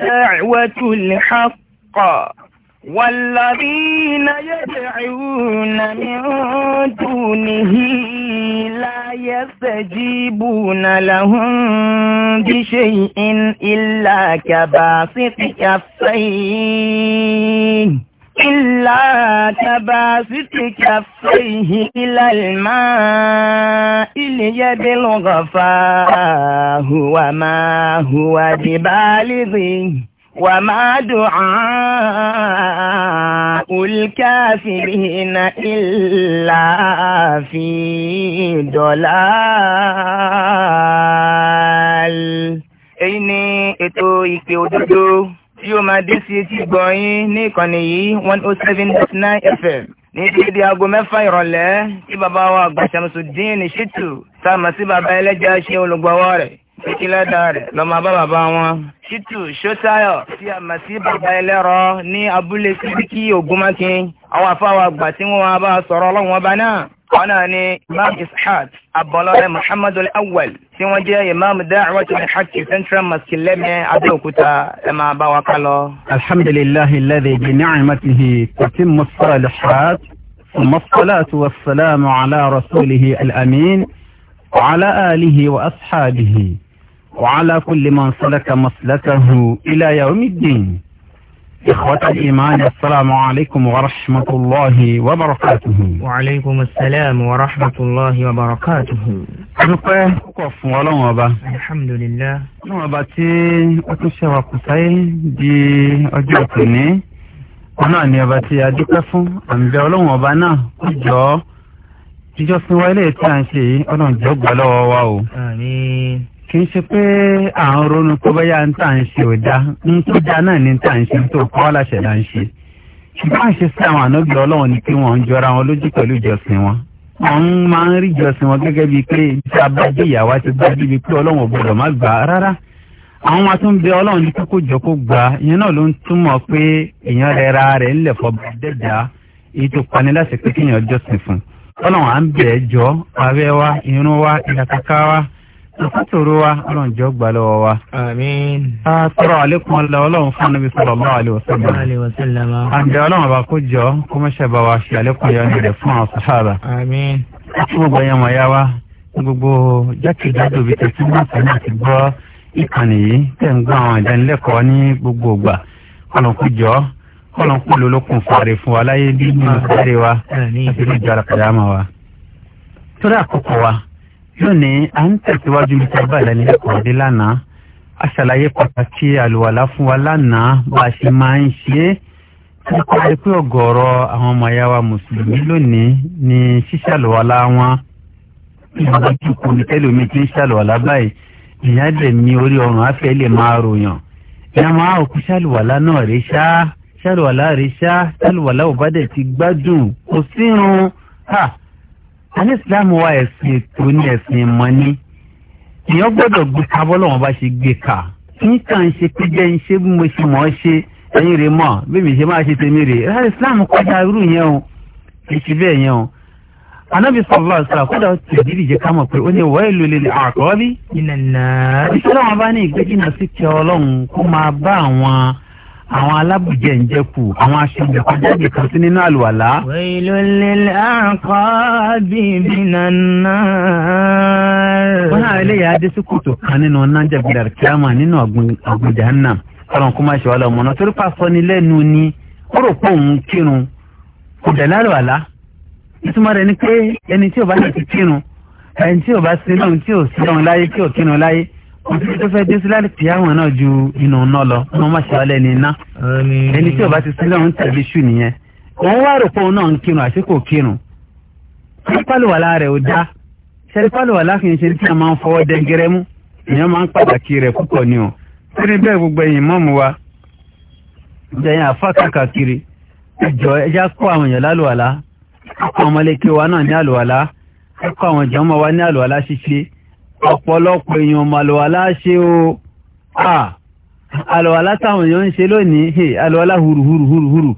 دعوة الحق والذين يدعون من دونه لا يستجيبون لهم بشيء إلا كباسط كفيه إلا كباسط كفيه إلى الماء ليبلغ فاه وما هو ببالغه وما دعاء الكافرين إلا في ضلال. Èyí ni ètò ìpè òdodo yóò máa dé sí etí gbọ̀nyín ní ìkànnì yìí one oh seven dot nine fm ní dédé aago mẹ́fà ìrọ̀lẹ́ tí bàbá wa àgbà Ṣàmsùdín Ṣítù sáàmà sí bàbá ẹlẹ́jà ṣe olùgbọ́wọ́ rẹ̀ ìpínlẹ̀ dà rẹ̀ lọ́mọ bá bàbá wọn. Ṣítù Ṣótáyọ̀ tí a mọ̀ sí bàbá ẹlẹ́rọ ní abúlé Sídíkì Ògúnmákin àwọn àfáwà àgbà tí wọ́n máa bá sọ̀rọ̀ ọlọ́run ọba náà kọ́nà ni imam ishaq abọ́lọ́rẹ́ muhammadu awwal tí wọ́n jẹ́ imam da'watul haqq central mosque lẹ́mẹ́ abẹ́òkúta ẹ máa bá wa kálọ. alhamdulillahi alladhi bi ni'matihi tatimmu as-salihat thumma as-salatu was-salamu ala rasulihi al-amin wa ala alihi wa ashabihi wa ala kulli man salaka maslakahu ila yawmiddin. إخوة الإيمان السلام عليكم ورحمة الله وبركاته وعليكم السلام ورحمة الله وبركاته Adúpẹ́ púpọ̀ fún Ọlọ́run ọba. Alhamdulillah. Ọlọ́run ọba tí ó tún ṣe wa kù sáyé di ọjọ́ òkùnní. Wọn náà ni ọba tí a dúpẹ́ fún. Àmìbẹ́ Ọlọ́run ọba náà ó jọ ọ́. Jíjọ́sìn wa ilé tí a ń ṣe yìí, Ọlọ́run jọ́ gbà lọ́wọ́ wa o. Àmín kì í ṣe pé à ń ronú pé bóyá ń tà ń ṣe ò dá ń tó dá náà ní tà ń ṣe tó kọ́ láṣẹ là ń ṣe ṣùgbọ́n àṣẹ sí àwọn ànábì ọlọ́run ni pé wọ́n ń jọra wọn lójú pẹ̀lú ìjọsìn wọn wọ́n máa ń rí ìjọsìn wọn gẹ́gẹ́ bíi pé tí a bá dé ìyàwó àti bá débi pé ọlọ́run ò gbọdọ̀ má gbà á rárá àwọn máa tún bẹ ọlọ́run ní kókó jọ kó gbà á ìyẹn náà ló ń túmọ̀ pé èèyàn rẹ ra rẹ̀ ńlẹ̀ fọba dẹ́jà èyí tó pani láti pé kéèyàn jọ́sìn fún ọlọ́run à ń bẹ̀ẹ́ jọ àwẹ̀ wa irun wa ìyàtàkà wa ìfàtòrò wa ọlọ́run jọ gbà lọ́wọ́ wa. àmín. a tọrọ àlékún ọlọ ọlọ́run fún anabi sallallahu alaihi wasallam. àǹdẹ ọlọ́run bá kó jọ kó mọṣẹ bá wa ṣe àlékún yọ ní rẹ fún àwọn sàhábà. àmín. gbogbo ẹyàn mọ̀ wa gbogbo jákèjádò bíi tẹ̀sí náà sẹ́yìn àti gbọ́ ìkànnì yìí tẹ̀ ń gbọ́ àwọn ìdánilẹ́kọ̀ọ́ ní gbogbo ìgbà kọ́nà kó àkókò wa lónìí à ń tẹ̀síwájú bí sábà ìdánilẹ́kọ̀ọ́ dé lánàá a ṣàlàyé pàtàkì àlùwàlá fún wa lánàá bá a ṣe máa ń ṣe é nípa pé ọ̀gọ̀ọ̀rọ̀ àwọn ọmọ ẹ̀yà wa mùsùlùmí lónìí ni ṣíṣàlùwàlá wọn ìgbà tí kò ní tẹ́lómi ti ń ṣàlùwàlá báyìí ìyá dẹ̀ mi orí ọrùn afẹ́ lè máa ròyàn ìyá máa òkú ṣàlùwàlá náà rè ṣá ṣàlùwàlá rè ṣá ṣàlùwàlá ò bá dẹ̀ ti gbádùn kò sírun ha àní islam wa ẹ̀sìn ètò ní ẹ̀sìn mọ́ni èèyàn gbọ́dọ̀ gbé ka bọ́lọ́wọ́n bá ṣe gbé ka nǹkan ń ṣe pé jẹ́ ń ṣe bí mo ṣe mọ̀ ọ́ ṣe ẹ̀yin rè mọ̀ bí mi ṣe máa ṣe tèmi rè ẹ̀ islam kọjá irú yẹn o kì í ṣe bẹ́ẹ̀ yẹn o anabi sallallahu alaihi wasallam kódà tẹ̀lé ìjẹ́ ká mọ̀ pé ó ní wọ́ọ̀lù lè lè àkọ́ọ́lì. ìṣẹ́ wọn bá ní ìgbéjìnà àwọn alábùjẹ ń jẹkù àwọn aṣèjọ kọjáde kan sí nínú àlùwàlá. wẹ́ẹ̀lọ́lẹ̀ àkọ́ bíbí nàná. wọ́n náà eléyà adésíkòtò kan nínú nájàgbéra kíámà nínú àgbèjà náà kọ́nà kó má ṣe wà lọ́mọ náà torí pa sọ ni lẹ́nu ni ó rò pé òun kírun kò dẹ̀ lálùwàlá ìtumọ̀ rẹ̀ ni pé ẹni tí ò bá ti kírun ẹni tí ò bá sinú tí ò sinú láyé tí ò kírun láyé òtún tó fẹ́ dé sílẹ̀ tí àwọn náà ju inú náà lọ wọn má ṣe alẹ́ ní iná ẹni tí ó bá ti sílẹ̀ ń tẹ̀lé ṣù nìyẹn òun wá rò pé òun náà ń kírun àti kò kírun pálíwàlá rẹ̀ ò dá ṣẹ́rí pálíwàlá kì í ṣe tí a máa ń fọwọ́ dẹ́gẹ́rẹ́ mú ìyẹn máa ń pàtàkì rẹ̀ púpọ̀ ni o torí bẹ́ẹ̀ gbogbo ẹ̀yìn mọ́mù wa jẹ̀yìn àfa kàkàkiri ẹjọ́ ẹjá kó àwọn èèyàn lálùwàlá kó àwọn ọmọlẹ́kẹ́ wa náà ní àlùwàlá kó àwọn ìjọ́mọ́ wa ní àlùwàlá ṣíṣe ọ̀pọ̀lọpọ̀ èèyàn màlúwàlá ṣe o àlùwàlá táwọn èèyàn ń ṣe lónìí àlùwàlá hùrùhùrùhùrù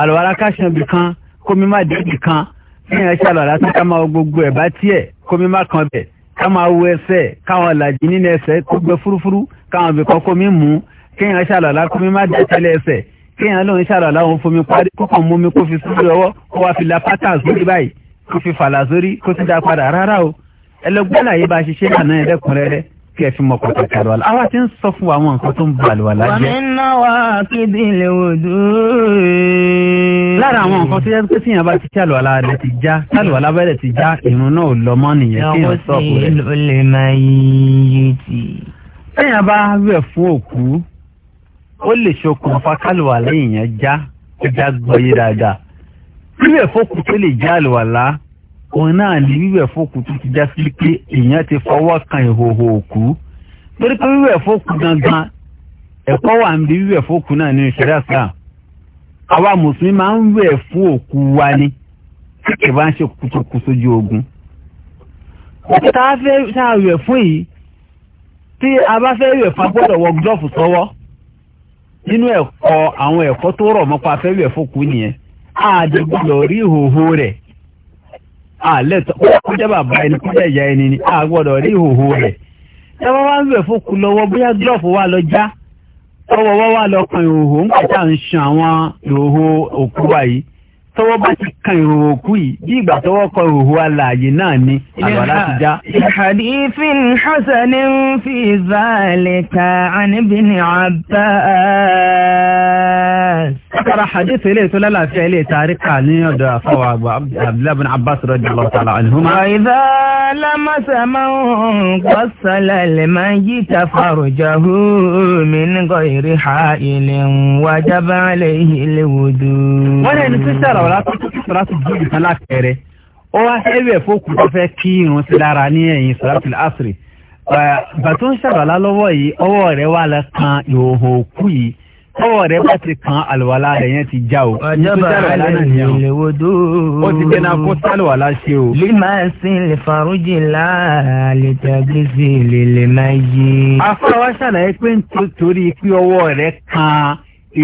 àlùwàlá káṣán bì kan kómi má débi kan fíyàn ṣe àlùwàlá tó ká máa gbogbo ẹ̀ bá tiẹ̀ kómi má kan bẹ̀ ká máa wo ẹsẹ̀ káwọn làjì nínú ẹsẹ̀ kó gbẹ fúrúfúrú káwọn bì kan kómi mú kíyàn ṣe àlùwàlá kómi má dẹ́tẹ́lẹ̀ ẹsẹ̀ kíyàn lóun ṣe àlùwàlá òun fomi parí kó kàn mú mi kó fi sórí ọwọ́ kó wá fi la pátá sórí báyìí kó fi fàlà sórí kó tún dá padà rárá o ẹlẹgbẹ́ àlàyé bá a ṣe ṣe lànà ẹ̀rẹ́kùnrẹ́rẹ́ kí ẹ fi mọ pàtàkì àlọ́ àlọ́ àwa ti ń sọ fún àwọn nǹkan tó ń ba àlùwàlá jẹ́. wàmí náà wà kéde ilé odò. lára àwọn nǹkan tó yẹ pé tí yẹn bá ti ṣàlù àlá rẹ ti já ṣàlù àlá bẹ́ẹ̀ ti já ìrun náà ò lọ mọ́ nìyẹn kí yẹn sọ kù rẹ. lọ́wọ́ lè máa yí ti. téèyàn bá wẹ̀ fún òkú ó lè ṣokùnfà kálùwàlá yìí yẹn já ó já gbọ́yé dáadáa. wíwẹ̀ fókù tó lè já àlùwàlá òun náà ní wíwẹ̀ fòkú tó ti já sí pé èèyàn ti fọwọ́ kan ìhòhò òkú torí pé wíwẹ̀ fòkú gangan ẹ̀kọ́ wà ń wíwẹ̀ náà ìṣẹ̀dá àwa mùsùlùmí máa ń wẹ̀ fún òkú wa ni bá ń ṣe ogun òkú tá a fẹ́ a fún yìí tí a bá fẹ́ wẹ̀ fún agbọ́dọ̀ wọ gílọ́ọ̀fù sọ́wọ́ nínú ẹ̀kọ́ àwọn ẹ̀kọ́ tó rọ̀ mọ́pá fẹ́ wẹ̀ nìyẹn àdìgbò lọ rí ìhòhò rẹ̀ àlẹ́tọ̀ ó kó jẹ́ bàbá ẹni kó jẹ́ ìyá ẹni ni a gbọ́dọ̀ rí ìhòòhò rẹ̀ ẹ wá wá ń bẹ̀ lọ́wọ́ bóyá wà lọ já tọwọ́ wá lọ kan ń pàtà ń àwọn òkú wa yìí tọwọ́ bá ti kan òkú yìí bí ìgbà tọwọ́ kan náà ni láti já. ìhàdífin fi látara hadith ilé tó lálàáfíà ilé tàríkà ní ọ̀dọ̀ àfọwà Abdullah bin Abbas radiyallahu ta'ala anhuma. ọ̀ìdá lámàsà máa ń kọ́sàlà lè máa min ghairi ha'ilin wajaba alayhi al-wudu. wọ́n ní ẹni tí sẹ́rọ̀ wọ́n láti sọ́ra tó dùn ìtàn lápẹ̀rẹ̀ ó wá ẹ̀wẹ̀ fókù tó fẹ́ kí irun salatul asri. bàtún sẹ́rọ̀ lálọ́wọ́ yìí ọwọ́ rẹ̀ wà lẹ́kan ìhòòhò òkú yìí tọ́wọ́ rẹ bá ti kan àlùwàlá rẹ yẹn ti já o. ọjọba alẹ ìlè wodò. ó ti dẹ́nà kó sálùwàlá ṣe o. lima sin lè farujì la lè tàgézì lè lè máa yé. afọwọ́ ṣàlàyé pé nítorí pé ọwọ́ rẹ kan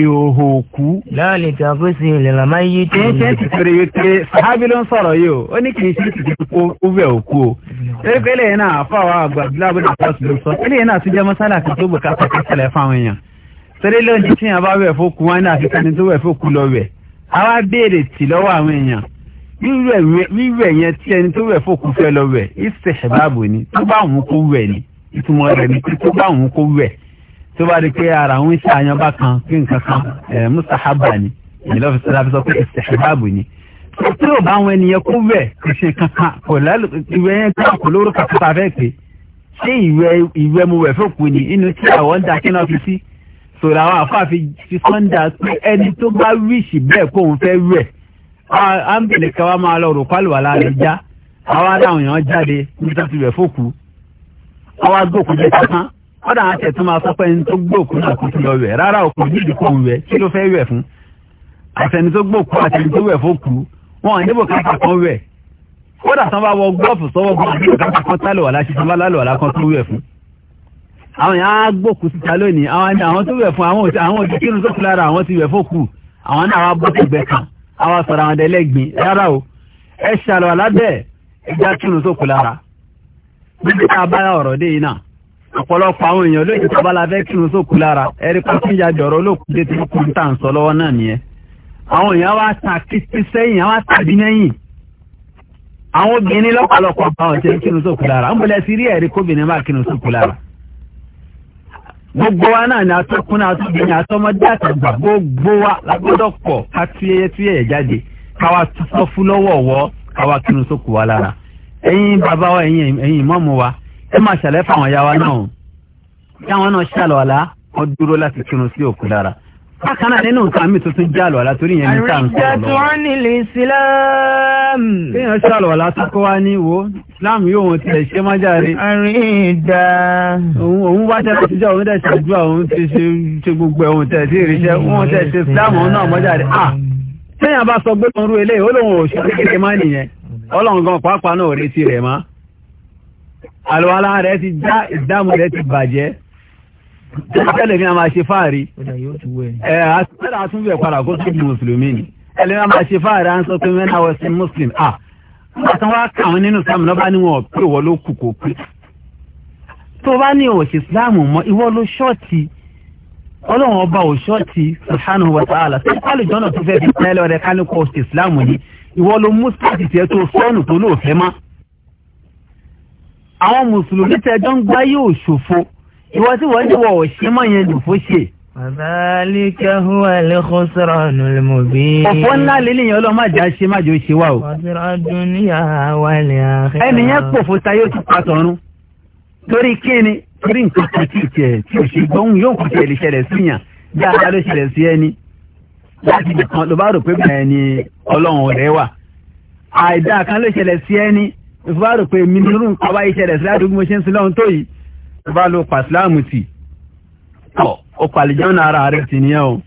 ìhòhò òkú. láàlì tí sí ìlànà máa yí tó. kì í ṣe tìtìrì wípé ló ń sọ̀rọ̀ yìí o ó ní kì í ṣe tìtìrì kó wúwẹ̀ òkú o. torí pé náà fáwọn àgbà torí lónìí tí yàn bá wẹ̀ fókun wọn ní àfikún tó wẹ̀ fókun lọ wẹ̀ àwa béèrè tì lọ́wọ́ àwọn èèyàn wíwẹ̀ yẹn tí ẹni tó wẹ̀ fókun fẹ́ lọ wẹ̀ ìṣe ṣẹ̀báàbò ni tó bá òun kó wẹ̀ ni ìtumọ̀ rẹ̀ ni tó bá òun kó wẹ̀ tó bá di pé ara òun ṣe àyànbá kan kí nǹkan kan ẹ̀ mùsàhábà ni ìlọ́fíìsì sọ pé ìṣe ṣẹ̀báàbò ni tí bá àwọn ènìyàn kó wẹ̀ kò kankan kò lálù yẹn kan kò lórúkọ tó ta fẹ́ pé ṣé ìwẹ̀ ìwẹ̀ mo wẹ̀ fókun ni inú tí àwọn ń da kí náà fi sí sọ̀rọ̀ àwọn àfáàfi fi sọ́ńdà pé ẹni tó bá wíṣì bẹ́ẹ̀ kó òun fẹ́ rẹ̀ á ń bèèrè ká wá máa lọ rò pálùwà láàrin já àwa aláwọn èèyàn jáde níbi tó ti rẹ̀ fòkù àwa gbòkú jẹ kankan kọ́dà àwọn àtẹ̀tún máa sọ pé ẹni tó gbòkú náà kò tún lọ rẹ̀ rárá òkú nídìí kò ń rẹ̀ kí ló fẹ́ rẹ̀ fún àtẹni tó gbòkú àtẹni tó rẹ̀ fòkù wọn ò níbò kápá kan rẹ̀ kódà tán bá wọ gọ́ọ̀fù sọ́wọ́ gọ́ọ̀fù àwọn yẹn á gbòkú síta lónìí àwọn ni àwọn tó wẹ̀ fún àwọn òtí àwọn òtí kírun tó kú lára àwọn ti wẹ̀ fókù àwọn náà wá bọ́ tẹ̀gbẹ́ kan àwọn sọ̀rọ̀ àwọn ẹlẹ́gbìn rárá o ẹ ṣàlọ́ alábẹ́ ẹja kírun tó kú lára níbi tá a bá ọ̀rọ̀ dé yìí náà ọ̀pọ̀lọpọ̀ àwọn èèyàn lóyìn tó bá la fẹ́ kírun tó kú lára ẹ̀rí pàṣíjà dọ̀rọ̀ olókùn dé ti kú ń tà ń sọ lọ́wọ́ náà gbogbo wa náà ni atọ́kùnrin atọ́bìnrin atọ́mọdé àtàgbà gbogbo wa lágbọ́dọ̀ pọ̀ ká tuyẹ́yẹ́ tuyẹ́yẹ́ jáde káwa sọ fún lọ́wọ́ ọ̀wọ́ káwa kírun sóko wa lára ẹ̀yin bàbá wa ẹ̀yin ẹ̀yin ìmọ̀ọ́mù wa ẹ máa ṣàlẹ́ fáwọn ìyá wa náà kí àwọn náà ṣàlọ́ àlá wọn dúró láti kírun sí òkú lára bákan náà nínú nǹkan mi tuntun jẹ́ àlọ́lá torí yẹn ní sáà ń sọ̀rọ̀ lọ. àríjà tó wọ́n nílé Islam. kéèyàn ṣe àlọ́lá tó kọ́ wá ní wo Islam yóò wọn tilẹ̀ ṣe má járe. àríjà. òun òun wá tẹ́lẹ̀ tó jẹ́ òun tẹ̀ ṣàdúrà òun ti ṣe ṣe gbogbo ẹ̀ òun tẹ̀ sí ìrìṣẹ́ òun tẹ̀ ṣe Islam òun náà mọ́ jáde. à ah! kéèyàn bá sọ gbé tonru eléyìí ó lóun ò ṣe kékeré má nìyẹn ọlọ́run gan pàápàá náà ò retí rẹ̀ má. àlọ́lá rẹ̀ ti já ìdáàmú rẹ̀ ti bàjẹ́ tẹ́lẹ̀ mi a máa ṣe fáàrí ẹ̀ àtúntẹ̀lẹ̀ àtúnbẹ̀ padà kó tó di mùsùlùmí ni ẹlẹ́mi a máa ṣe fáàrí à ń sọ pé when I was a muslim ah nígbà tí wọ́n kà wọ́n nínú islam náà bá ní wọn pé ìwọ ló kù kó pé tó bá ní òṣè islam mọ́ ìwọ ló ṣọ́ọ̀tì ọlọ́run ọba ò ṣọ́ọ̀tì subhanahu wa ta'ala ṣé pálí jọ́nà tó fẹ́ fi tẹ́lẹ̀ ọ̀rẹ́ ká ní kọ́ òṣè islam yìí ìwọ ló mú sípàtì tiẹ̀ tó sọ́ọ̀nù tó lóòfẹ́ má àwọn mùsùlùmí tẹjọ́ ń gbáyé òṣòfo ìwọ tí wọ́n ní wọ̀ ò ṣe mọ́ yẹn lò fó ṣe. Àbálíkà huwa al-khusranu al-mubin. Ọ̀pọ̀ ńlá lélẹ̀ yẹn ọlọ́mọ àjà ṣe má jò ṣe wá o. Khasira dunya wal akhirah. Ẹni yẹn pòfo tayé ó ti pa tọ̀run. Torí kíni torí nǹkan kan tí ìtẹ̀ tí ò ṣe gbọ́n yóò kò tẹ̀lé ṣẹlẹ̀ sí yàn dáadáa ló ṣẹlẹ̀ sí ẹni. Láti nìkan ló bá rò pé bẹ́ẹ̀ ni ọlọ́run rẹ̀ wà. Àìdáa kan ló ṣẹlẹ̀ sí ẹni. Ìfọwọ́ rò pé mi nínú nǹkan wáyé ṣẹlẹ̀ sí ládùúgbò ṣe ń sin lọ́run tó yìí tó bá lo pàṣíláàmù tì ó pàlìjọ́ ara rẹ̀ tì nìyẹn o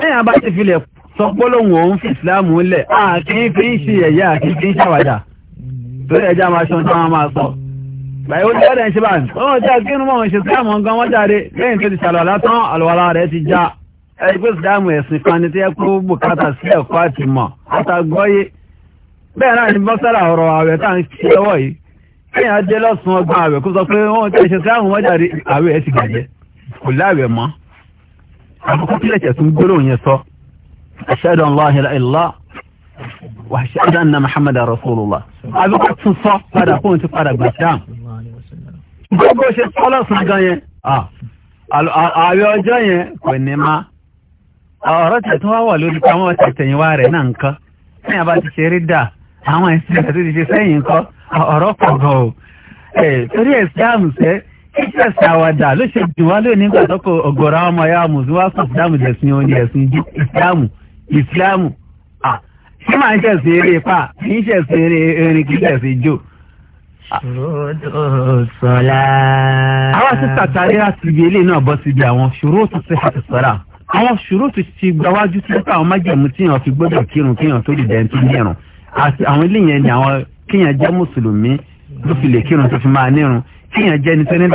lẹ́yìn abá ti filẹ̀ sọ gbólóhùn òun fi ìsìláàmù ńlẹ̀ àkín fi ń ṣe ẹ̀yà àkín fi ń ṣàwàdà torí ẹja máa ṣan táwọn máa sọ báyìí ó ní ọ̀dẹ̀ ń ṣe báyìí wọ́n ti àkínú mọ́ wọn ṣe síláàmù gan wọ́n jáde lẹ́yìn tó ti ṣàlọ́lá tán àlùwàlá rẹ̀ ti já ẹni pé síláàmù ẹ̀sìn kan ni tó yẹ kó bùkátà sí ẹ̀kọ́ àti mọ̀ àtàgbọ́yé bẹ́ẹ̀ náà ni bọ́sára ọ̀rọ̀ àwẹ̀ tá à ń ṣe lọ́wọ́ yìí kéèyàn dé lọ́sàn-án ọgbọ́n àwẹ̀ kó sọ pé wọ́n ti ṣe sáà wọ́n jáde àwẹ̀ ẹ̀ ti bàjẹ́ kò láwẹ̀ mọ́ àkókò tí lẹ́sẹ̀ tún gbólóhùn yẹn sọ ashhadu an la ilaha illallah wa ashhadu anna muhammadan rasulullah àbíkó tún sọ padà fóun ti padà gbà sáà gbogbo ṣe sọ lọ́sàn-án gan yẹn àwẹ̀ ọjọ́ yẹn kò ní má ọ̀rọ̀ tẹ̀ tún wá wà lórí pé àwọn ọ̀tẹ̀ rẹ̀ náà nǹkan ọ̀rọ̀ pọ̀ gan o torí ẹ̀sìn àmùsẹ́ kíkẹ́ ṣàwádà ló ṣe jù wá lónìí nígbà tó kọ ọ̀gọ̀rọ̀ àwọn ọmọ ya mùsùlùmí wá sùn ìsìlámù jẹ̀sìn oúnjẹ ẹ̀sìn ìsìlámù ìsìlámù ṣé máa ń ṣẹ̀sìn eré pa kì í ṣẹ̀sìn eré erin kì í ṣẹ̀sìn jò. sọlá. àwọn sísà tari láti ibi eléyìí náà bọ́ síbi àwọn ṣòrótù sí àti sọ́ra àwọn ṣòrótù ti gbawájú sí àwọn májèmú tíyàn fi gbọ́dọ̀ kírun kíyàn tó lè dẹ́ntì nírun àti àwọn eléyìí ni àwọn kíyàn jẹ́ mùsùlùmí ló fi lè kírun tó fi máa nírun kíyàn jẹ́ ẹni tó ní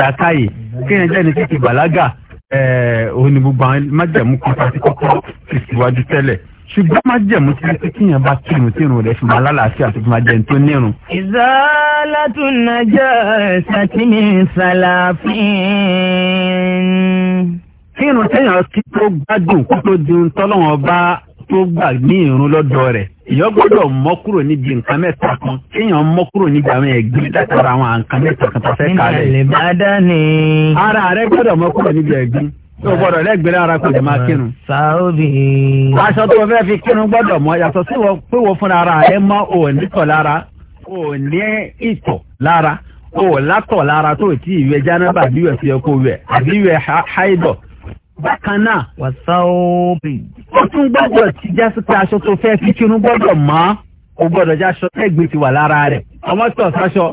kíyàn jẹ́ ẹni tó bàlágà òun ni gbogbo májẹ̀mú kan àti kọ́kọ́ ti síwájú tẹ́lẹ̀ ṣùgbọ́n májẹ̀mú ti fi kíyàn bá kírun tírun rẹ̀ fi máa lálàáfíà tó fi máa jẹ́ tó nírun. ìzálàtúnájà ṣàtìmí sàlàfín. kírun téèyàn kí tó gbádùn kó tó di ohun tọ́lọ́wọ́n bá tó gbà ní ìrun lọ́dọ̀ rẹ̀ èèyàn gbọ́dọ̀ mọ́ kúrò níbi nǹkan mẹ́ta kan kéèyàn mọ́ kúrò níbi àwọn ẹ̀gbin látara àwọn nǹkan mẹ́ta kan tó fẹ́ kalẹ̀. nínú ìbádá ni. ara rẹ gbọ́dọ̀ mọ́ kúrò níbi ẹ̀gbin tó gbọ́dọ̀ lẹ́gbẹ̀rẹ́ ara kò lè máa kírun. sáóbì. aṣọ tó fẹ́ fi kírun gbọ́dọ̀ mọ́ yàtọ̀ sí wọ́n pé wọ́n fúnra ara rẹ mọ́ òní tọ̀ lára òní ìtọ̀ lára òlátọ̀ lára tó tí ìwẹ̀ jánábà bí wẹ̀ fi ẹ̀kọ́ wẹ̀ àbí wẹ̀ háìdọ̀ bákan náà. wàsáwọ́bì. ó tún gbọ́dọ̀ ti jásí pé aṣọ tó fẹ́ fi kírun gbọ́dọ̀ mọ́ ó gbọ́dọ̀ jẹ́ aṣọ ẹ̀gbin ti wà lára rẹ̀ ọmọ sọ̀ sáṣọ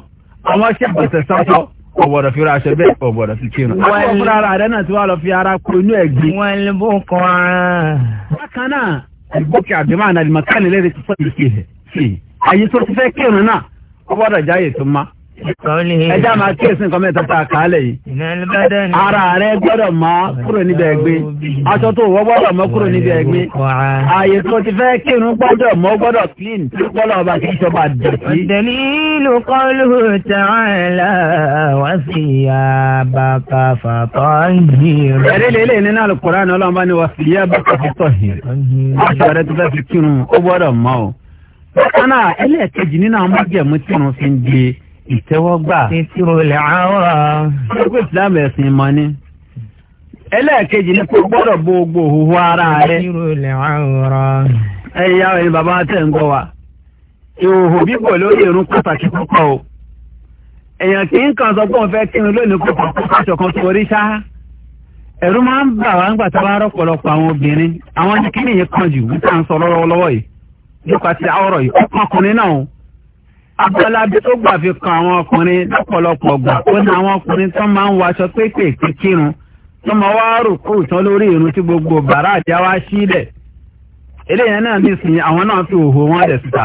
ọmọ ṣàgbọ̀sẹ̀ sáṣọ ó gbọ́dọ̀ fi aṣọ bẹ́ẹ̀ ó gbọ́dọ̀ fi kírun. wọ́n fúnra ara rẹ̀ náà ti wá lọ fi ara kó inú ẹ̀gbin. wọ́n lè bó kọ́ ara. bákan náà ìgbókè àgbẹ̀mọ́ àná ẹjá máa kí èsì nǹkan mẹ́ta tá a yìí. ara rẹ gbọ́dọ̀ máa kúrò níbi ẹ̀gbin aṣọ tó wọ́ gbọ́dọ̀ mọ́ kúrò níbi ẹ̀gbin ààyè tó ti fẹ́ kírun gbọ́dọ̀ mọ́ gbọ́dọ̀ clean gbọ́dọ̀ ọba kì í ṣọba dọ̀tí. dalilu qawluhu ta'ala wa thiyabaka fatahhir. ẹ̀rí lè lè nínú Al-Qur'an ọlọ́mọba ni wa thiyabaka fatahhir aṣọ rẹ tó fẹ́ fi kírun ó gbọ́dọ̀ mọ́ o. bákan náà ẹlẹ́ẹ̀kejì nínú àwọn májẹ̀mú ìtẹ́wọ́gbà. títúrò lè àárọ̀. ọgbẹ́ ìsìlámù ẹ̀sìn mọ́ ni. ẹlẹ́ẹ̀kejì ni kò gbọ́dọ̀ bo gbogbo òhùhù ara rẹ̀. títúrò lè àárọ̀. ẹ̀yà ẹ̀yin bàbá tẹ̀ ń gbọ́ wa. ìhòòhò bíbọ̀ lórí irun pàtàkì púpọ̀ o. èèyàn kì í kan sọ pé òun fẹ́ kírun lónìí kó pàpọ̀ káṣọ kan tó rí ṣá. ẹ̀rù máa ń bà wá ńgbà tá a bá rọ̀pọ̀lọpọ̀ àwọn obìnrin àwọn ní kí abọ́lábí tó gbà fi kan àwọn ọkùnrin lọ́pọ̀lọpọ̀ gbà ó ní àwọn ọkùnrin tó máa ń waṣọ pépèké kírun tó máa wá rùkú tán lórí irun tí gbogbo bàrá àjáwá sílẹ̀ eléyìí náà nísìnyí àwọn náà fi òhò wọn rẹ̀ síta.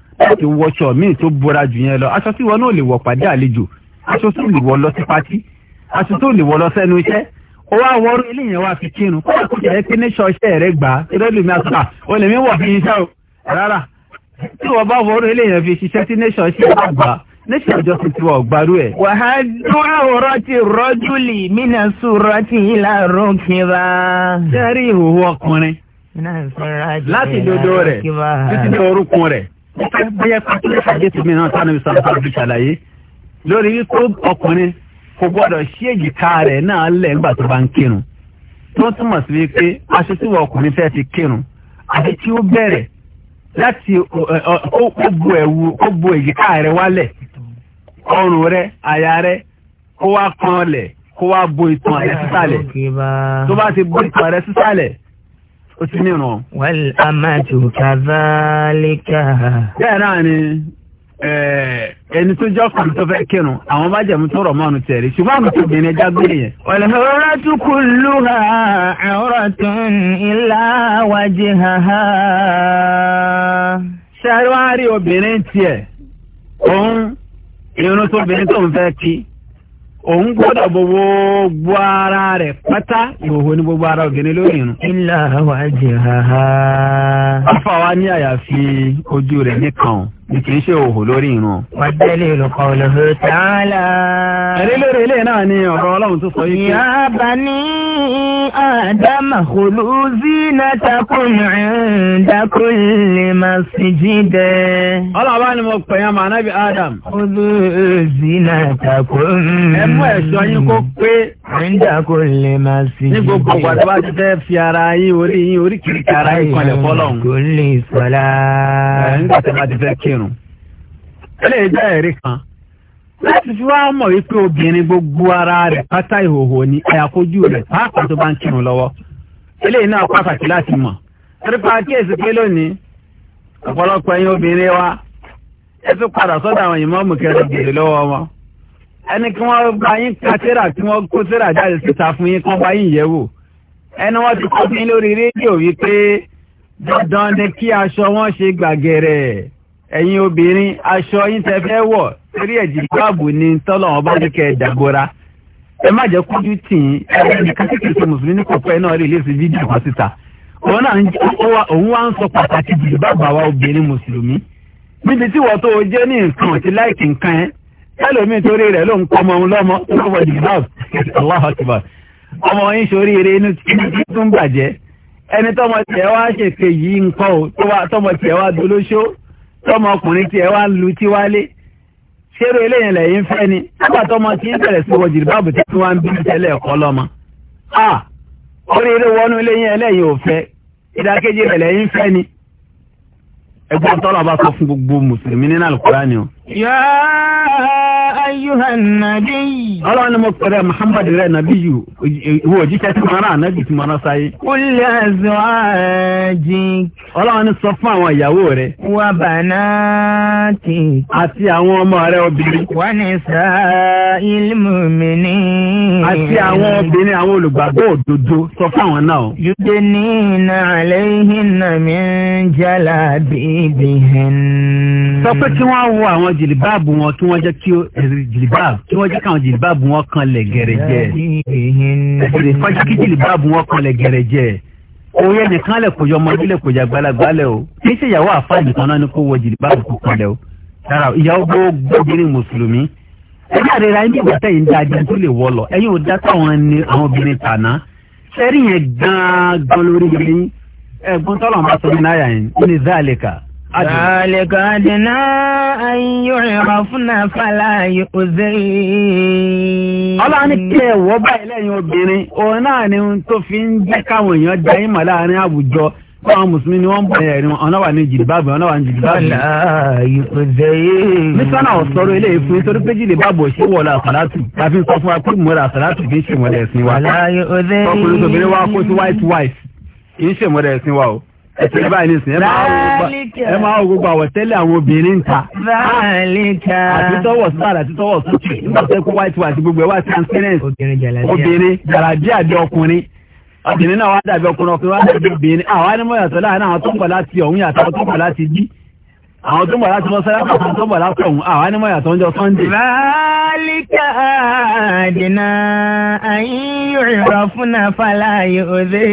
láti wọṣọ míì tó bora jù yẹn lọ aṣọ tí wọn náà lè wọ pàdé àlejò aṣọ tó lè wọ lọ sí patí aṣọ tó lè wọ lọ sẹ́nu iṣẹ́ ó wá wọrú eléyìí wá fi kírun kó kó jẹ́ pé níṣọ iṣẹ́ rẹ gbà á ẹlẹ́lùmí àtúntà ó lè mí wọ̀ fi iṣẹ́ o rárá tí wọ́n bá wọrú eléyìí fi ṣiṣẹ́ tí níṣọ iṣẹ́ bá gbà á níṣẹ́ ìjọ ti ti wọ̀ gbarú ẹ̀. wàhálà àwòrán ti rọ́júlì mínà sùúrọ́ ti ìlà rókìrá. sẹ́rí ìhòòhò ọkùnrin láti dodo rẹ̀ títí dé orúkún rẹ̀ bóyá pàtó àdéhùn mi náà sanu sanu sanu fi ṣàlàyé lórí wípé ọkùnrin kò gbọ́dọ̀ ṣí èjìká rẹ̀ náà lẹ̀ nígbà tó bá ń kírun tó túmọ̀ sí wípé aṣọ tí wọ́n ọkùnrin fẹ́ ti kírun àti tí ó bẹ̀rẹ̀ láti ó bo ẹ̀wù ó bo èjìká rẹ̀ wálẹ̀ ọrùn rẹ̀ àyà rẹ̀ kó wá kan lẹ̀ kó wá bo ìtàn rẹ̀ sísàlẹ̀ tó bá ti bo ìtàn rẹ̀ sísàlẹ̀ ó ti mìíràn. wal amatu kadhalika. bẹ́ẹ̀ náà ni ẹni tó jọ kàn tó fẹ́ kírun àwọn bá jẹ̀mú tó rọ̀ mọ́nu tẹ̀rí ṣùgbọ́n àwọn tó bìnrin ẹja gbé yẹn. wal-'awratu kulluha 'awratun illa wajhaha. ṣé wàá rí obìnrin tiẹ̀ òun irun tóbìnrin tó ń fẹ́ kí òun gbọ́dọ̀ gbogbo ara rẹ̀ pátá ìhòhò ní gbogbo ara ògèlè lórí irun. ilà wàá jẹ ha ha. afa wa ní àyàfi ojú rẹ̀ nìkan kì í ṣe òhò lórí ìran. wàjẹ́lẹ̀ olùkọ́ olùhó tààlà. ẹ̀rí lórí ilé náà ni ọ̀rọ̀ ọlọ́run tó sọ yìí. ya bani ádámà khulu zinatakum inda kulli masjid. ọlọ́ba ni mo pè yàn mànábì Adam. khulu zinatakum. ẹ mú ẹ̀ṣọ́ yín kó pé. inda kulli masjid. ní gbogbo ìgbàdá bá ti fẹ́ fi ara yín orí yín orí kìrìkì ara yín kọlẹ̀ fọlọ́ nígbà tí wọ́n ti fẹ́ kírun. eléyìí jẹ́ ẹ̀rí kan láti fi wá mọ̀ wípé obìnrin gbogbo ara rẹ̀ pátá ìhòhò ni àyàkójú rẹ̀ pàápàá tó bá ń kírun lọ́wọ́ eléyìí náà pàtàkì láti mọ̀ nípa kíyèsí pé lónìí ọ̀pọ̀lọpọ̀ ẹ̀yin obìnrin wa ẹ tún padà sọ́dọ̀ àwọn ìmọ̀ọ́mù kẹrin gbèrè lọ́wọ́ wọn ẹni kí wọ́n bá yín ka tẹ́rà kí wọ́n kó tẹ́rà jáde síta fún yín kán bá yín yẹ̀ wò ẹni wọ́n ti kọ́ sí lórí rédíò wípé dandan ni kí aṣọ wọn ṣe gbàgẹ̀rẹ̀ ẹ̀yin obìnrin aṣọ yín tẹ fẹ́ wọ̀ torí ẹ̀jì báàbù ni tọ́lọ́wọ́n bá ní kẹ́ ẹ dàgbóra ẹ má jẹ́ kójú tì í ẹ̀rọ nìkan tí kìí ṣe mùsùlùmí ní kọ̀ọ̀kan náà rí iléeṣẹ́ fídíò kan síta òun náà òun wá ń sọ pàtàkì jù bàbá wa obìnrin mùsùlùmí níbi tí wọ́n tó o jẹ́ ní nǹkan ọ̀tí láìkì nǹkan ẹ̀ ẹlòmíì torí rẹ̀ ló ń kọ́ ọmọ ọlọ́mọ lọ́wọ́ dìgbà ọmọ yín ṣoríire inú tún bàjẹ́ ẹni tọ́mọ tiẹ̀ wá ṣèṣe yìí nǹkan ò tọ́mọ tiẹ̀ wá dolóṣó tọ́mọ ọkùnrin tiẹ̀ wá lu tí wálé eléyìn lẹ́yìn fẹ́ ni nígbà tọ́mọ tí ń bẹ̀rẹ̀ sí wọ̀jì báàbù tí wọ́n ń bí tẹ́lẹ̀ ẹ̀kọ́ lọ́mọ. a oríire wọnú eléyìn ẹlẹ́yìn ò fẹ́ ìdákejì rẹ̀ lẹ́yìn fẹ́ ni. ẹgbẹ́ tọ́lọ̀ bá sọ fún gbogbo mùsùlùmí nínú àlùkùránì o. Yá ayúhà nàbí yìí. Ọlọ́run ni mo pẹ̀rẹ̀ Muhammad rẹ̀ nàbí yìí, ìwọ òjíṣẹ́ tí mo rán ànábì tí mo rán sáyé. Kúlẹ̀ ẹ̀zọ́ ààjì. Ọlọ́run ni sọ fún àwọn ìyàwó rẹ̀. Wà bàná tì. Àti àwọn ọmọ rẹ̀ obìnrin. Wà ní sá ilmù mi ní. Àti àwọn obìnrin àwọn olùgbàgbọ́ òdodo sọ fún àwọn náà. Yúdé ní iná àlẹ́ ìhìnà mi ń jálá bíbí hẹ́n. Sọ pé kí wọ́n wo àwọn àwọn jìlìbáàbù wọn kí wọ́n jẹ́ kí eh, jìlìbáàbù kí wọ́n jẹ́ káwọn jìlìbáàbù wọn kan lẹ̀ gẹ̀rẹ́jẹ̀ ẹ̀sìn kọ́jà kí jìlìbáàbù wọn kan lẹ̀ gẹ̀rẹ́jẹ̀ òun yẹn nìkan lẹ̀ kò yọ ọmọdé lẹ̀ kò yà gbalagbà lẹ̀ o kì í ṣe ìyàwó àfáà nìkan náà ni kò wọ jìlìbáàbù kò kan lẹ̀ o rárá ìyàwó gbogbo obìnrin mùsùlùmí ẹjẹ́ àrẹ́ra yín nígbà tẹ̀yìn dá ajá tó lè wọ lọ ẹ̀yin ò dá táwọn ni àwọn obìnrin tàná ṣẹ́rí yẹn gan-an gan lórí yẹn ẹ̀gbọ́n tọ́lọ̀ máa sọ ní náírà yẹn ó ní záàlì kà ذلك أدنى أن يعرفن فلا يؤذين. ọlọ́run ní kí ẹ̀wọ́ báyìí lẹ́yìn obìnrin òun náà ni tó fi ń jẹ́ káwọn èèyàn jẹ́ ìmọ̀ láàrin àwùjọ báwọn mùsùlùmí ni wọ́n ń bọ̀ ẹ̀rí ọ̀nà wà ní jìdìbáàbù ọ̀nà wà ní jìdìbáàbù. mísánà ọ̀sọ́rọ̀ ilé ìfún nítorí pé jìdìbáàbù ṣé wọ̀ ẹ̀sìn báyìí nísìnyí ẹ máa wo gbogbo àwọ̀tẹ́lẹ̀ àwọn obìnrin ta. báàlíkà àtitọ́wọ̀ sáàdà àtitọ́wọ̀ sókè nígbà tó kó white white gbogbo ẹ̀ wá transparent obìnrin jàràbí àbí ọkùnrin obìnrin náà wá dàbí ọkùnrin ọkùnrin wá dàbí obìnrin àwọn anímọ̀ yàtọ̀ láàárín àwọn tó ń pọ̀ láti ọ̀hún yàtọ̀ tó ń pọ̀ láti bí àwọn tó mọ̀lá tí wọ́n sẹ́rẹ́ pàtàkì tó mọ̀lá pẹ̀hùn àwọn ní mọ̀lá ń jọ sunday. báálíkà àdínà àyíyọ̀rọ̀fúnà fàlàyé òde.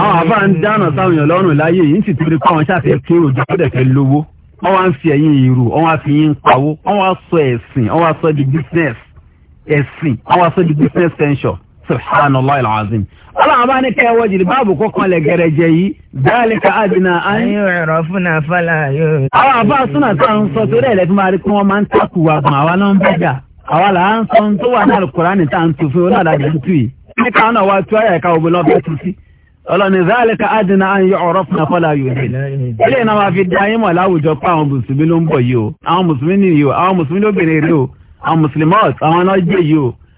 àwọn àbá ń dáná sáwọn èèyàn lọ́rùn láyé yìí sì torí pé àwọn ṣàfihàn kí òjò tó dẹ̀kẹ́ lówó wọ́n wá ń fi ẹ̀yìn ìrù wọ́n wá fi yín pawó wọ́n wá sọ ẹ̀sìn wọ́n wá sọ di business ẹ̀sìn wọ́n wá sọ di business venture subhanallah alazim ọlọ́run bá ní kẹwọ́ jìrì báàbù kọ́kọ́ lẹ̀ gẹ̀rẹ́jẹ̀ yìí dáàlíkà àdínà án. ayé ọ̀rọ̀ fúnà fàlà yóò. àwọn àbá súnà tá à ń sọ torí ẹ̀lẹ́tí máa rí kí wọ́n máa ń takù wa gan àwa náà ń bẹ̀jà àwa là ń sọ tó wà ní alukurani tá à ń tu fún wọn náà dàbí tu yìí. ní káwọn náà wá tú ayé ẹ̀ka òbí lọ́fẹ́ tu sí. ọlọ́ni dáàlíkà àdínà án yọ ọ̀rọ̀ fúnà fàlà yóò dé. ilé iná máa fi da ayé mọ̀ láwùjọ pé àwọn mùsùlùmí ló ń bọ̀ yìí o àwọn mùsùlùmí nìyí o àwọn mùsùlùmí lóbìnrin rèé o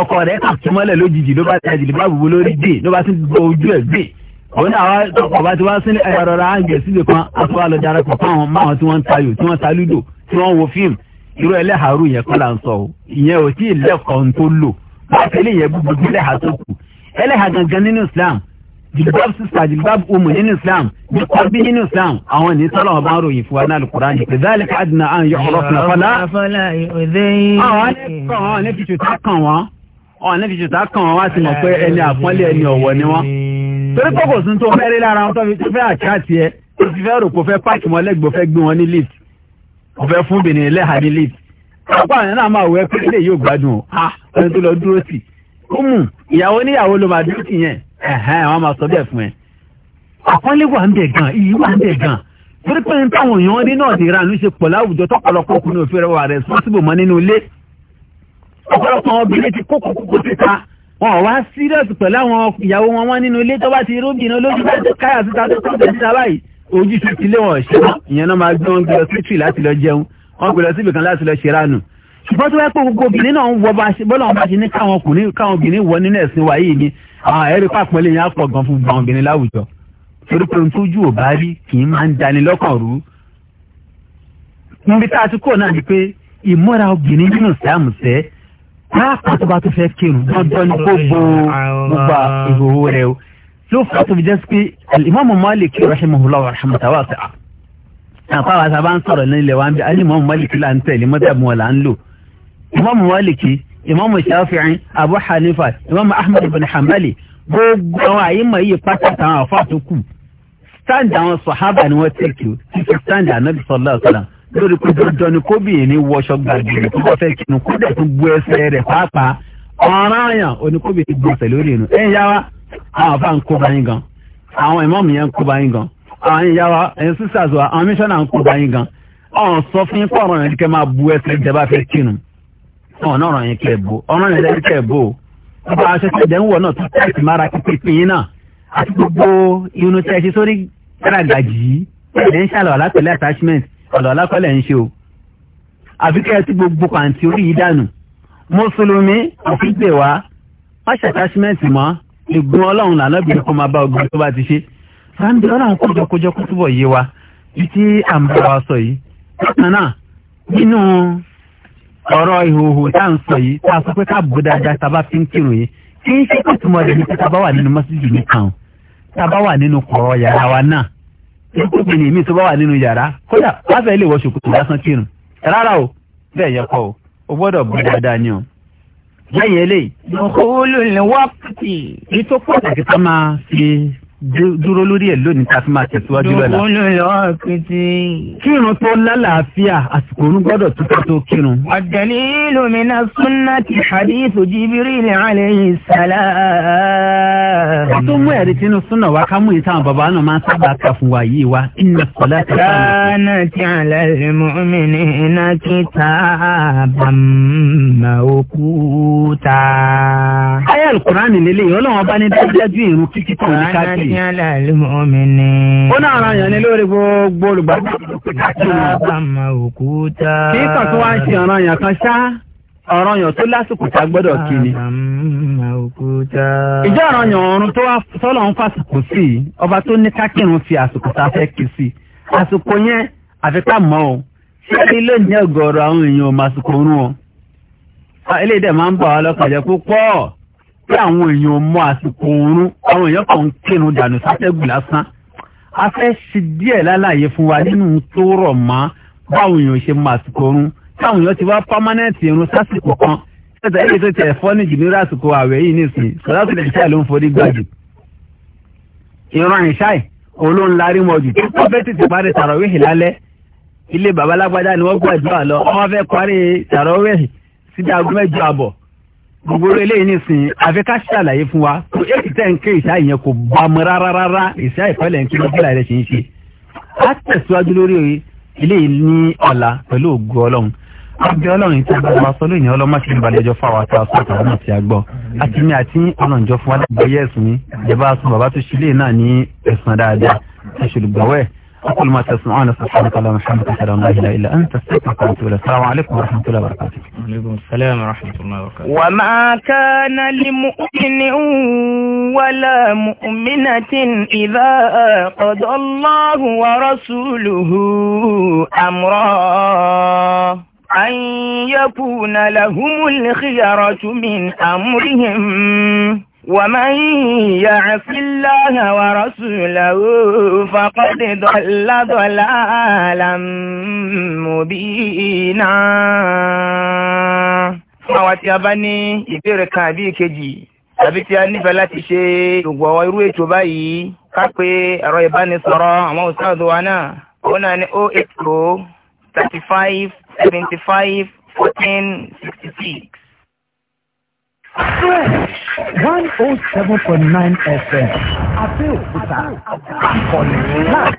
ọkọ rẹ̀ kà tó mọ́lẹ̀ lójijì ló bá tẹ̀ jìlìbá bùbú lórí dè ló bá ti gbọ́ ojú ẹ̀ gbé òun náà wá ọkọ̀ bá ti wá sílẹ̀ ẹ̀rọ ra àǹgẹ̀ síbi kan aṣọ àlọ́jára pọ̀ fáwọn máwọn tí wọ́n ń tayò tí wọ́n ń ta lúdò tí wọ́n ń wo fíìmù irú ẹlẹ́hàárù yẹn kọ́ là ń sọ o ìyẹn ò tí ì lẹ́kọ̀ọ́ tó lò pàtẹ́lẹ̀ yẹn gbogbo ẹlẹ́hà tó kù ẹlẹ́hà gangan nínú Islam jilbab sista jilbab umu nínú Islam jilbabi nínú Islam àwọn ní sọ́lọ́ ọba ń ròyìn fún wa náà Al-Qur'an yìí pẹ̀lú àdínà à ń yọ ọ̀rọ̀ fún wa fọlá. àwọn ní kàn wọ́n ọ̀n ní fìṣùtà kan wá sí mọ̀ pé ẹni eh, àpọ́nlé ẹni eh, ọ̀wọ̀ ni wọ́n torí kókò sí tó fẹ́ rí lára wọn tó fi fẹ́ àkáàtì ẹ tó fi fẹ́ rò kó fẹ́ páàkì mọ́ lẹ́gbẹ̀ẹ́ fẹ́ gbé wọn ní lift kó fẹ́ fún obìnrin lẹ́hà ní lift ọ̀pọ̀ àwọn náà máa wọ ẹ pé ilé yóò gbádùn ọ ẹni tó lọ dúró sí ó mú ìyàwó níyàwó ló máa dúró sí yẹn ẹ̀hẹ́n àwọn máa sọ bẹ́ẹ̀ fún ẹ àpọ́nlé wà ń bẹ̀ gan iyì wà ń bẹ̀ gan torí pé táwọn èèyàn rí náà dèrà ní ṣe pọ̀ láwùjọ tọ́pọ̀lọpọ̀ ọkùnrin òfin rẹ̀ wà responsible mọ́ nínú ilé ọ̀pọ̀lọpọ̀ obìnrin ti kó kókókó síta wọn ò wá sírẹ́sì pẹ̀lú àwọn ìyàwó wọn wọn nínú ilé tó bá ti rúbìnrin olójú bá ti káyà síta tó tó tẹ̀ síta báyìí ojú ti tilé wọn ṣe ìyẹn náà máa gbé wọn gbé lọ sí tì láti lọ jẹun wọn gbé lọ síbi kan láti lọ ṣeránù ṣùgbọ́n tó bá pé gbogbo obìnrin náà ń wọ bọ́lá wọn bá ṣe ní káwọn ọkùnrin káwọn obìnrin wọ nínú ẹ̀sìn wa yìí ni àwọn ẹ̀rí pàpọ́nlé yẹn á pọ̀ gan fún gbọ̀n obìnrin láwùjọ torí pé ntójú ò bá rí kì í máa ń dani lọ́kàn rú. níbi tá a ti kó náà ni pé ìmúra obìnrin nínú sàmùsẹ́ láàpàtó bá tó fẹ́ kírun dandan ni kó bo gbogbo ìhòòhò rẹ̀ o ló fà tó fi jẹ́ sí pé ìmáàmù Malik rahimahullah rahmata wa sa'a àpá wa sábà ń sọ̀rọ̀ ní ilẹ̀ wa ń bí alẹ́ ìmáàmù Malik là ń tẹ̀lé mọ́tàbí wọn là ń lò ìmáàmù Malik ìmáàmù Shafi'i Abu Hanifa ìmáàmù Ahmad ibn Hanbali gbogbo àwọn àyímọ̀ stand àwọn sọ̀hábà ni wọ́n tẹ̀kì ó ti stand ànábì sallallahu alaihi wasallam lórí pé dandan ni kóbìnrin wọṣọ gbàgbére tó bá fẹ́ kinu kódà tún gbó ẹsẹ̀ rẹ̀ pàápàá ọ̀ràn àyàn oníkóbìnrin gbọ̀nsẹ̀ lórí inú ẹ̀yin yá àwọn afa ń kó bá gan àwọn ìmọ̀mù yẹn ń kó bá gan àwọn ẹ̀yin yá wa ẹ̀yin sisters àwọn mísọ́nà ń kó bá gan ọ̀n sọ fún yín ọ̀ràn yẹn kẹ́ máa bu ẹsẹ̀ jẹ́ bá fẹ́ kinu ọ̀nà ọ̀dọ̀ alákọ̀ọ́lẹ̀ ń ṣe o àfi kẹ́ ẹ ti gbogbo pàǹtí orí yìí dànù mùsùlùmí òfin gbè wá má ṣe àtàṣímẹ́ǹtì mọ́ ìgbón ọlọ́run làlọ́bìnrin kó máa bá ogun tó bá ti ṣe sáńdé ọlọ́run kójọkójọ kó túbọ̀ yé wa bí tí à ń bá wa sọ yìí bákan náà nínú ọ̀rọ̀ ìhòòhò tá à ń sọ yìí tá a sọ pé ká bó dáadáa tá a bá fi ń kírun yìí kí n ṣe pàtùmọ̀ rẹ̀ ní pé tá a bá wà nínú mọ́sídìí nìkan tá a bá wà nínú kọ̀ọ̀ yàrá wa náà ìkóbìnrin mi tó bá wà nínú yàrá kódà láfẹ́ lè wọ ṣòkòtò lásán kírun rárá o bẹ́ẹ̀ yẹ kọ́ o o gbọ́dọ̀ bọ́ dáadáa ni o. lẹ́yìn eléyìí. olùwàpùtì. èyí tó pàtàkì ká máa fi dúró lórí ẹ̀ lónìí tá a fi máa tẹ̀síwájú lọ́la. dùnkún ló lọ kìtì. kírun tó lálàáfíà àsìkò òun gbọ́dọ̀ túká tó kírun. ad-dalilu mina sunnati hadithu Jibril alayhi salam. wọ́n tún mú ẹ̀rí tinú súnà wá ká mú ìta àwọn bàbá náà máa ń sábà kà fún wa yìí wá. inna salata kanat ala al-mu'minina kitaban mawquta. ayé alukuraani lélẹ́yìn ọlọ́wọ́n bá ní dájú ìrún kíkí tó ní káàkiri ní aláìlúmọ́ mi ní. ó náà ara yàn ní lórí gbogbo olùgbàgbọ́. bàbá máa òkúta. kí kàtó wá ń ṣe ọ̀ràn yàn kan ṣá ọ̀ràn yàn tó lásìkò tá gbọ́dọ̀ kí ni. ìjọ ọ̀ràn yàn ọ̀run tó wá sọ́lọ̀ ń fàsìkò sí i ọba tó ní kákìrún fi àsìkò tá fẹ́ kí sí i àsìkò yẹn àfikà mọ́ o ṣé ilé ní ọgọ́rọ̀ àwọn èèyàn ò máa sìkò pé àwọn èèyàn mọ àsìkò oorun àwọn èèyàn kan ń kírun dànù sátẹ́gùn lásán a fẹ́ ṣe díẹ̀ lálàyé fún wa nínú tó rọ̀ mọ́ báwọn èèyàn ṣe mọ àsìkò oorun táwọn èèyàn ti wá pámánẹ́ǹtì irun sásìkò kan ṣẹta èyí tó tẹ̀ fọ́ ní jìnnìrà àsìkò ààwẹ̀ yìí nìsín sọ̀rọ̀ tó lè ṣáà ló ń forí gbàjù. ìran ìṣáì olóńlarí mọ̀jù tó kọ́ bẹ́ẹ̀ tètè parí tàràwéhì lálẹ́ ilé babalágbádá ni wọ́n gbàdúrà lọ wọ́n fẹ́ parí tàràwéhì sí gbogbo eléyìí nísìnyí àfi ká ṣàlàyé fún wa tó èyí tẹ̀ ń ké ìṣá yẹn kò bá mu rárá rárá ìṣá ìpẹ́lẹ̀ ń kí ló bílà rẹ̀ ṣe ń ṣe. a tẹ̀síwájú lórí eléyìí ní ọ̀la pẹ̀lú ògùn ọlọ́run àbí ọlọ́run tí a bá wa sọ lónìí ọlọ́mọ ṣe ń balẹ̀ ẹjọ́ fún àwọn àti àti àwọn àti àgbọ̀ àti ní àti ọ̀nà ìjọ fún wa lágbàáyé ẹ̀sùn أقول ما تسمعون سبحانك اللهم وبحمدك أشهد أن لا إله إلا أنت أستغفرك وأتوب إليك السلام عليكم ورحمة الله وبركاته وعليكم السلام ورحمة الله وبركاته وما كان لمؤمن ولا مؤمنة إذا قضى الله ورسوله أمرا أن يكون لهم الخيرة من أمرهم ومن يعص الله ورسوله فقد ضل ضلالا مبينا fún àwọn tí a bá ní ìbéèrè kan àbí ìkejì tàbí tí a nífẹ̀ẹ́ láti ṣe gbogbo àwọn irú ètò báyìí ká pé ẹ̀rọ ìbánisọ̀rọ̀ àwọn òṣèlú wa náà ó náà ní 080 75 14 66. Fresh 107.9 FM. Àbẹ́òkúta, àkọ́ni láti.